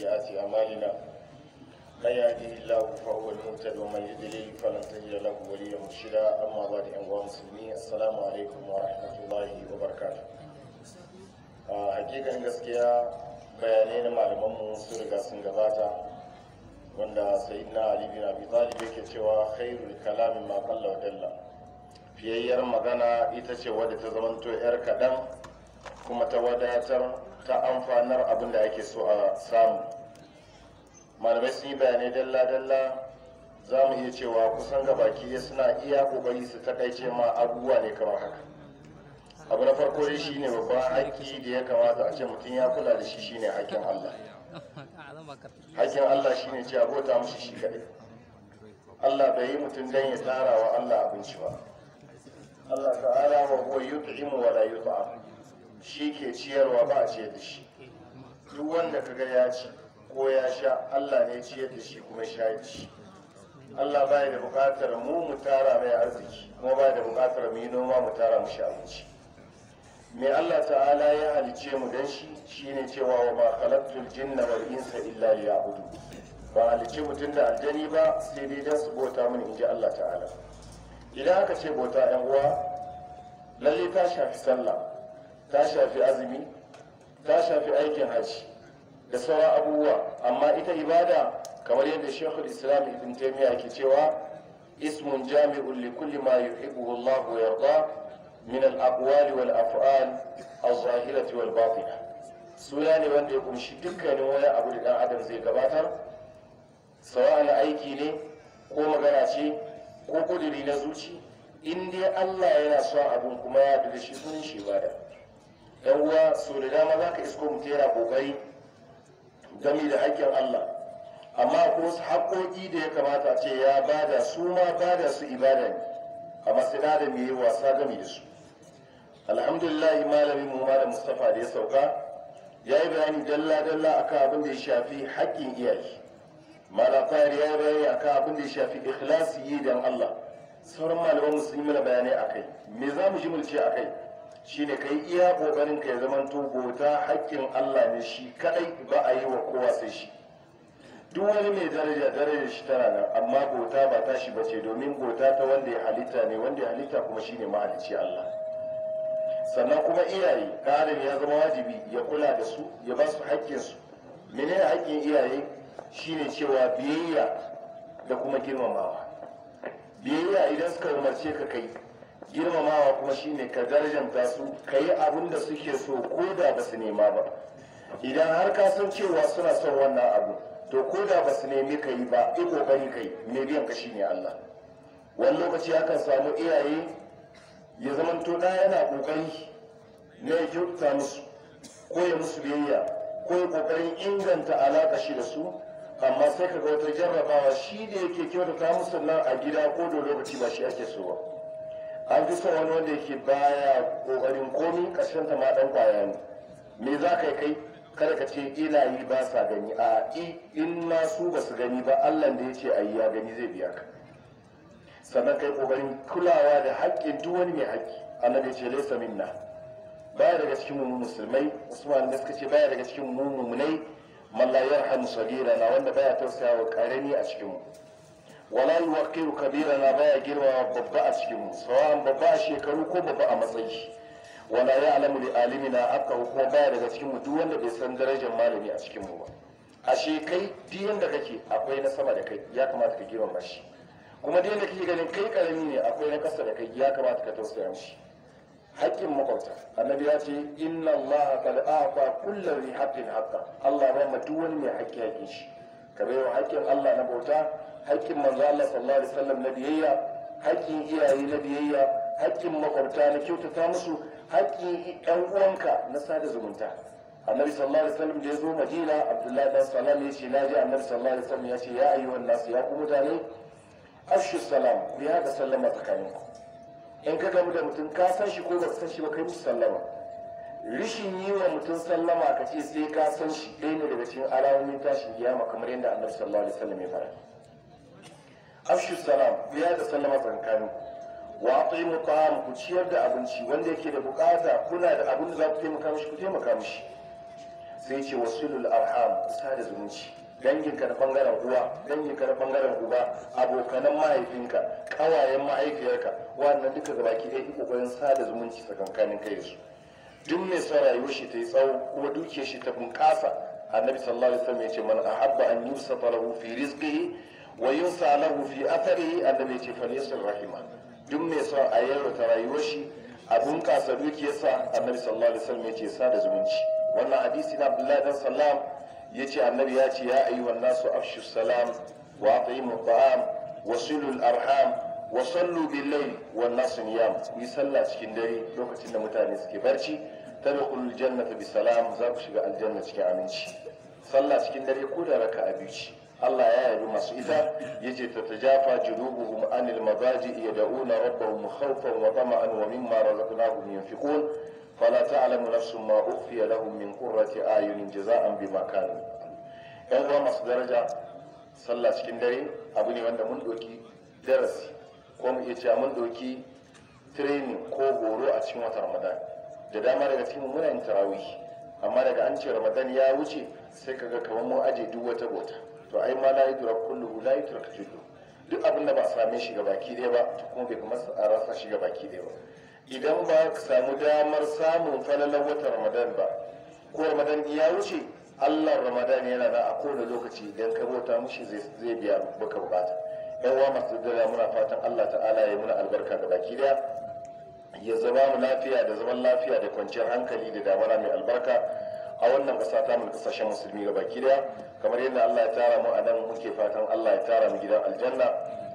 وسيئات أعمالنا من يهده الله فهو المهتد ومن يضلل فلن تجد له وليا مرشدا أما بعد أيها المسلمين a عليكم ورحمة الله وبركاته hakikan gaskiya bayanai na malamanmu su sun gabata wanda sayyidina ali bin abi talib yake cewa khairul kalamin ma qalla wa fiyayyar magana ita ce wadda ta zamanto yar kaɗan kuma ta wadatar ta amfanar abin da ake so a samu malamai sun yi bayanai dalla-dalla za mu iya cewa kusan gabaki suna iya kokari su takaice ma abubuwa ne kamar haka abu na farko dai shine babban haƙƙi da ya kamata a ce mutum ya kula da shi shine haƙƙin Allah haƙƙin Allah shine cewa bota mushi shi kaɗai Allah bai yi mutum don ya tsara wa Allah abinci ba Allah ta'ala wa huwa yut'imu wa la yut'am shi ke ciyarwa ba a ciyar da shi duk wanda kaga ya ci ko ya sha Allah ne ciyar da shi kuma sha ya ci Allah baya da bukatar mu mu tara mai arziki kuma baya da bukatar mu yi noma mu tara mu sha abinci me Allah ta'ala ya halice mu dan shi shine cewa wa ma khalaqtul jinna wal insa illa liya'budu ba halice mutum da aljani ba sai dai dan su bota mun inji Allah ta'ala idan aka ce bota yan uwa lalle ta shafi sallah ta shafi azumi ta shafi aikin hajji da sauran abubuwa amma ita ibada kamar yadda shekul islam ibn taimiyya ke cewa ismun jami'un li kulli ma yuhibbuhu Allah wa yarda min al-aqwali wal af'al az-zahirati wal batina suna ne wanda ya kunshi dukkanin wani abu da dan adam zai gabatar sawa'an aiki ne ko magana ce ko kuduri na zuci in dai Allah yana son abun kuma ya da shi sun shi bada yan uwa so da dama za ka isko mutum yana kokari gami da haƙƙin Allah amma ko su haƙƙoƙi da ya kamata ce ya bada su ma bada su ibada ne a da me wasa gami da su alhamdulillah malamin mu da Mustapha da ya sauka ya yi bayani dalla dalla akan abin da ya shafi haƙƙin iyaye malam Fayar ya yi bayani akan abin da ya shafi ikhlasi yi dan Allah sauran malaman musulmi na bayanai kai. me za mu ji mulci a kai shine kai iya kokarin ka ya zamanto bota hakkin Allah ne shi kadai ba a yi wa kowa sai shi duk wani mai daraja daraja shi tana nan amma bota ba ta shi bace domin bota ta wanda ya halitta ne wanda ya halitta kuma shine mahalicci Allah sannan kuma iyaye ƙarin ya zama wajibi ya kula da su ya ba su hakkin su menene hakkin iyaye shine cewa biyayya da kuma girmamawa biyayya idan suka umarce ka kai girmamawa kuma shine ka darjanta su ka yi abin da suke so ko da ba su nema ba idan har ka san cewa suna son wannan abu to ko da ba su nemi ka yi ba iko kai ka mai biyan ka shine Allah wani lokaci akan samu iyaye ya zama to ɗaya yana kokari na ya kyauta musu ko ya musu biyayya ko ya kokarin inganta alaƙa shi da su amma sai ka ga wata jarrabawa shi ne yake kyautata musu nan a gida ko da lokaci ba shi ake so ba an fi son wani wanda yake baya kokarin komi karshen ta dan kwaya ne me za ka kai kada ka ce yi ba sa gani a i in na su ba su gani ba allah da ya ce a ya gani zai biya ka sannan kai kokarin kulawa da haƙƙin duk wani mai haƙƙi annabi ya ce laisa minna baya daga cikin mu musulmai usman da suka ce baya daga cikin mu mumunai mallayar la na wanda baya tausayawa karami a cikin mu wala kabira na baya girmama babba a cikin sawan babba a shekaru ko babba a matsayi wala ya'lamu li alimina aka kuma baya daga cikin mu duk wanda bai san darajar malami a cikin mu ba ashe kai duk yanda kake akwai na sama da kai ya kamata ka girmama shi kuma duk yanda kake ganin kai karami ne akwai na kasa da kai ya kamata ka tausaya mishi haƙƙin makwabta annabi ya ce inna allaha qad afa kullu li haqqa allah ba ma duk wani mai haƙƙi haƙƙin shi ka bai wa haƙƙin allah na bauta haƙƙin manzo Allah sallallahu alaihi wasallam na biyayya haƙƙin iyaye na biyayya haƙƙin makwabta na kyautata musu haƙƙin ɗan uwanka na sada zumunta annabi sallallahu alaihi wasallam da ya zo madina abdullahi bin salam ya ce na ji annabi sallallahu alaihi wasallam ya ce ya ayyuha nas ya ku mutane afshu salam ku ya ga sallama tsakaninku in ka gamu da mutum ka san shi ko ba san shi ba kai musu sallama rishin yi wa mutum sallama ka ce sai ka san shi ɗaya ne daga cikin alamomin tashin kiyama kamar yadda annabi sallallahu alaihi wasallam ya fara afshi salam ku ya da sallama tsankani wa aqimu ku ciyar da abinci wanda yake da bukata kuna da abin da za ku taimaka mishi ku taimaka mishi sai ce wasilul arham sada zumunci ka na bangaren uwa ka na bangaren uba abokanan mahaifinka kawayen mahaifiyarka wannan duka gaba ki dai kokarin sada zumunci tsakankanin kai su duk mai son rayuwar shi ta yi tsawo kuma dukiyar shi ta bunƙasa annabi sallallahu alaihi wasallam ya ce man ahabba an yusafa lahu fi rizqihi wa yunsa lahu fi atharihi annabi ce fa rahima duk mai son a ta rayuwar shi a bunƙasa dukiyarsa annabi sallallahu alaihi wasallam sa da zumunci wannan hadisi na abdullahi dan salam yace annabi ya ce ya ayyuhan nasu afshu salam wa atimu ta'am wa silul arham wa sallu bil layl wan nasu niyam ku yi sallah cikin dare lokacin da mutane suke barci ta jannata bi salam za ku shiga aljanna cikin aminci sallah cikin dare ko da raka'a abinci. Allah ya yabi masu ita yace tajafa junubuhum anil mazaji yad'una rabbahum khawfan wa tama'an wa mimma razaqnahum yunfiqun fala ta'lamu nafsun ma ukhfiya lahum min qurrati ayunin jaza'an bima kanu yan uwa masu daraja sallah cikin dare abu ne wanda mun doki darasi ko mu iya cewa mun doki training ko horo a cikin watan ramadan da dama daga cikin muna yin tarawih amma daga an ce ramadan ya wuce sai kaga kamar mu aje duk wata bota to ai ma la yudrak kulluhu la yudrak jullu duk abin da ba same shi ga baki ɗaya ba to kuma bai kuma a rasa shi ga baki ɗaya ba idan ba ka samu damar samun falalar watan ramadan ba ko ramadan ya wuce allah ramadan yana da a kowane lokaci idan ka bauta mushi zai biya baka bukata yan uwa masu dara muna fatan allah ta'ala ya muna albarka ga baki daya ya zama mu lafiya da zaman lafiya da kwanciyar hankali da damana mai albarka a wannan ƙasa ta mu kasashen musulmi ga baki daya kamar yadda Allah ya tara mu a nan muke fatan Allah ya tara mu gidan aljanna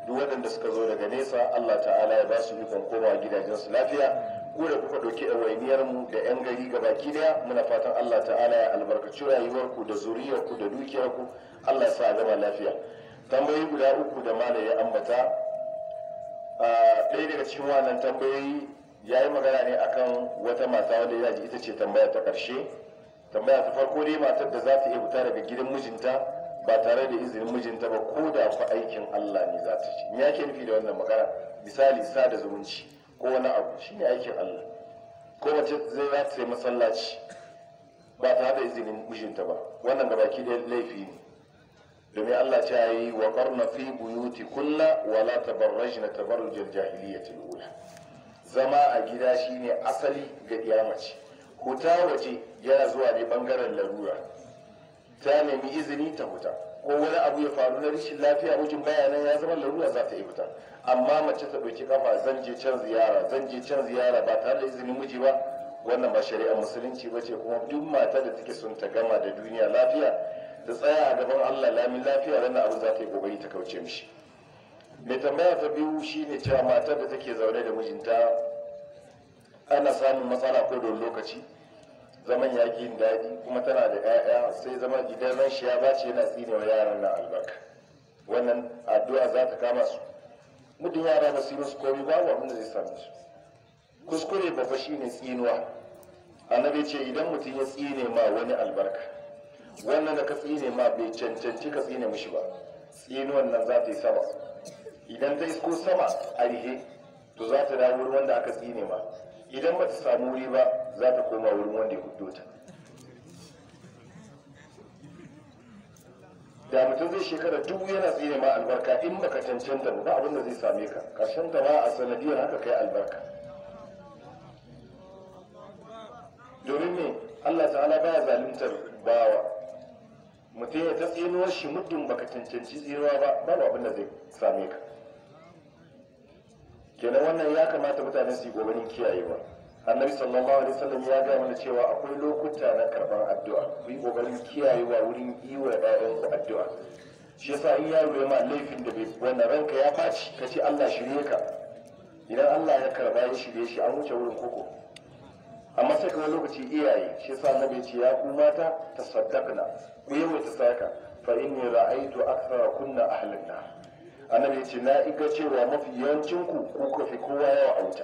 duk waɗanda suka zo daga nesa Allah ta'ala ya ba su ikon komawa gidajensu lafiya ku da kuka ɗauki ɗawainiyar mu da 'yan gari ga baki daya muna fatan Allah ta'ala ya albarkaci rayuwar ku da zuriyarku da dukiyarku Allah ya sa gama lafiya tambayi guda uku da mala ya ambata ɗaya daga cikin wannan tambayoyi ya yi magana ne akan wata mata wadda ya ji ita ce tambaya ta ƙarshe tambaya ta farko dai matar da za ta iya fita daga gidan mijinta ba tare da izinin mijinta ba ko da fa aikin Allah ne za ta ci me ke nufi da wannan magana misali sa da zumunci ko wani abu shine aikin Allah ko mace zai za ta yi masallaci ba tare da izinin mijinta ba wannan da baki da laifi ne domin Allah ta yi wa qarna fi buyuti kulla wa la tabarrajna tabarrujal jahiliyyati ula zama a gida shine asali ga iyamace huta waje yana zuwa ne bangaren larura ta nemi izini ta huta ko wani abu ya faru na rashin lafiya wajen bayanan ya zama larura za ta yi huta amma mace ta ɗauki kafa zan je can ziyara zan je can ziyara ba tare da izinin miji ba wannan ba shari'ar musulunci ba ce kuma duk mata da take son ta gama da duniya lafiya ta tsaya a gaban Allah lamin lafiya wannan abu za ta yi kokari ta kauce mishi mai tambaya ta biyu shine cewa matar da take zaune da mijinta ana samun matsala ko don lokaci zaman ya yin daɗi kuma tana da 'ya'ya sai zama idan ran shi ya bace yana tsinewa yaran na albarka wannan addu'a za ta kama su muddin yara ba su yi musu komai babu abin zai samu su kuskure babba shi ne tsinuwa annabi ce idan mutum ya tsine ma wani albarka wannan da ka tsine ma bai cancanci ka tsine mishi ba tsinuwan nan za ta yi sama idan ta isko sama a rihe to za ta dawo wanda aka tsine ma idan ba ta samu wuri ba za ta koma wurin wanda ya kuddo ta da mutum zai shekara dubu yana tsere ma albarka in baka cancanta ba abin da zai same ka karshen ta ma a sanadiyar haka kai albarka domin ne Allah ta'ala baya zaluntar bawa mutum ya ta tsinuwar shi muddin baka cancanci tsinuwa ba babu abin da zai same ka kenan wannan ya kamata mutane su yi gobanin kiyayewa annabi sallallahu alaihi wasallam ya ga mana cewa akwai lokuta na karbar addu'a ku yi kokarin kiyayewa wurin yi wa ɗayan ku addu'a shi yasa in yaro ya ma laifin da bai wannan ranka ya faci ka ce Allah shirye ka idan Allah ya karba ya shirye shi an wuce wurin koko amma sai kuma lokaci iyaye shi yasa annabi ce ya ku mata tasaddaqna ku yawaita saka fa inni ra'aytu akthara kunna ahlan nar annabi ce na iga cewa mafi yawancin ku ku kowa ya a wuta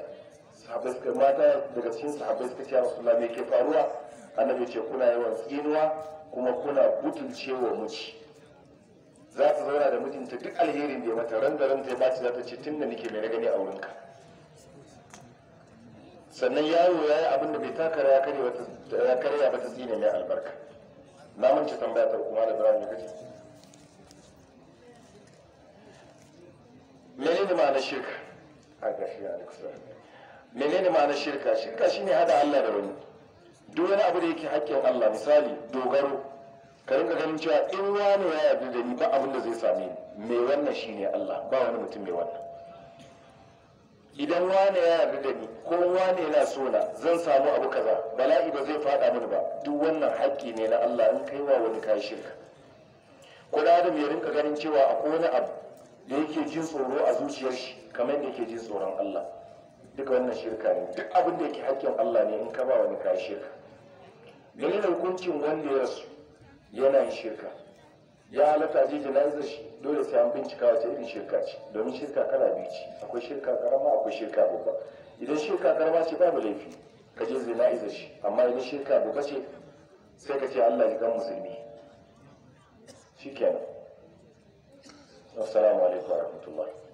sahabbai suka mata daga cikin sahabbai suka ce rasulullah me ke faruwa annabi ce kuna yawan tsinuwa kuma kuna butulcewa miji za ta zauna da mijinta duk alherin da ya mata ran da ran ta baci za ta ce tunda nake mai gani a wurinka sannan yaro ya yi abin da bai takara ya karya ba ta tsine mai albarka na mance tambaya ta kuma da birane kace menene na shirka a gashi a alaikum menene ma'anar shirka shirka shine hada Allah da wani duk wani abu da yake haƙƙin Allah misali dogaro ka rinka ganin cewa in wani ya yarda da ni ba abin da zai same ni me wannan shine Allah ba wani mutum mai wannan idan wani ya yarda da ni ko wani yana so na zan samu abu kaza bala'i ba zai fada mini ba duk wannan haƙƙi ne na Allah in kai wa wani kai shirka ko da adam ya rinka ganin cewa akwai wani abu da yake jin tsoro a zuciyar shi kamar da yake jin tsoron Allah duka wannan shirka ne duk abin da yake hakkin Allah ne in ka ba wani ka shirka menene hukuncin wanda ya rasu yana yin shirka ya halatta je jana'izar shi dole sai an bincika wace irin shirka ce domin shirka kala biyu ce akwai shirka karama akwai shirka babba idan shirka karama ce babu laifi ka je jana'izar shi amma idan shirka babba ce sai ka ce Allah ya kan musulmi shikenan assalamu alaikum warahmatullahi